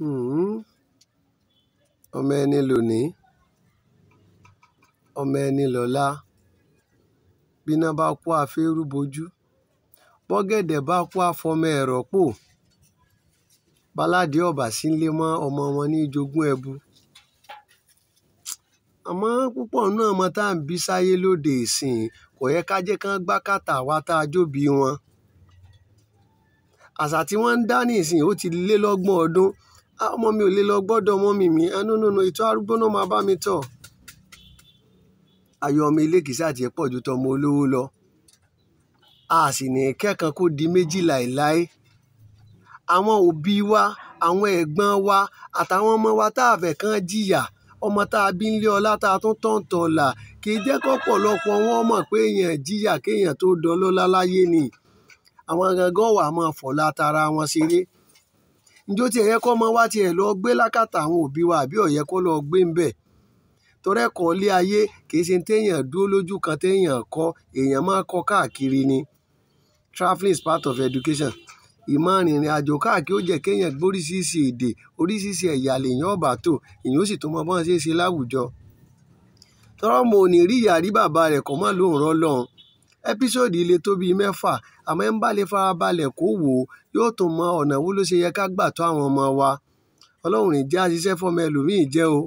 Hmm. ọmọ ẹni lòní ọmọ ẹni lọ́la bíná bá kú afẹ́rú bojú bọ́gẹ̀dẹ̀ bá kú afọmọ ẹ̀rọ pò báládé ọ̀bà sílé mọ́ ọmọ wọn ní jogún ẹbu àmọ́ púpọ̀ náà mọ tá à ń bí sáyé lóde ìsìn kò yẹ ká jẹ́ kán gbá kàtà wá tá a jóbi wọn àṣà tí wọ́n ń dá nísìn ó ti lé lọ́gbọ̀n ọdún ah ọmọ mi ò lè lọ gbọ́dọ̀ ọmọ mi mi ah no no no ìtọ́ arúgbó náà máa bá mi tọ̀. ayọ̀ ọmọ elékìsí àti ẹ̀pọ̀ ju tọmọ olówó lọ a sì ní kẹ́kan kó di méjì láéláé àwọn òbí wa àwọn ẹ̀gbọ́n wa àtàwọn ọmọ wa tá a fẹ́ kàn jìyà ọmọ tá a bí ń lé ọlá tá a tún tán tọ̀ là kì jẹ́ kọ́pọ̀lọpọ̀ wọn mọ̀ pé èèyàn jìyà kéèyàn tó dọ́lọ́lá láyé ni àwọn gangan wà máa fọ̀ látara wọn ṣeré ǹjẹ́ ó ti yẹ kọ́mọ wa tiẹ̀ lọ gbé lákàtà àwọn òbí wa àbí ó yẹ kó lọ gbé ń bẹ̀ torí ẹ̀kọ́ ayé kìí ṣe téèyàn dúró lójú kan téèyàn kọ́ èèyàn máa kọ́ káàkiri ni travelling is part of education ìmọ̀ rìnrìn àjò káàkiri ó jẹ́ kéèyàn gbóríṣiríṣi èdè oríṣiríṣi ẹ̀yà lèèyàn ọ̀bà tó èèyàn ó sì tún mọ bọ́n ṣe é ṣe láwùjọ tọ́rọ́ mo ò rí ìyá rí bàbá rẹ̀ kọ́ mọ́ lóun rọ́ lọ́hùn ẹ́písòdì lè tó bíi mẹ́fà àmọ́ ẹ̀ ń bá lè farabalẹ̀ kó wò ó yóò tún mọ ọ̀nà wo ló ṣe yẹ ká gbà tọ́ àwọn ọmọ wa ọlọ́run ní jẹ́ a ṣiṣẹ́ ẹlòmíì jẹ́ o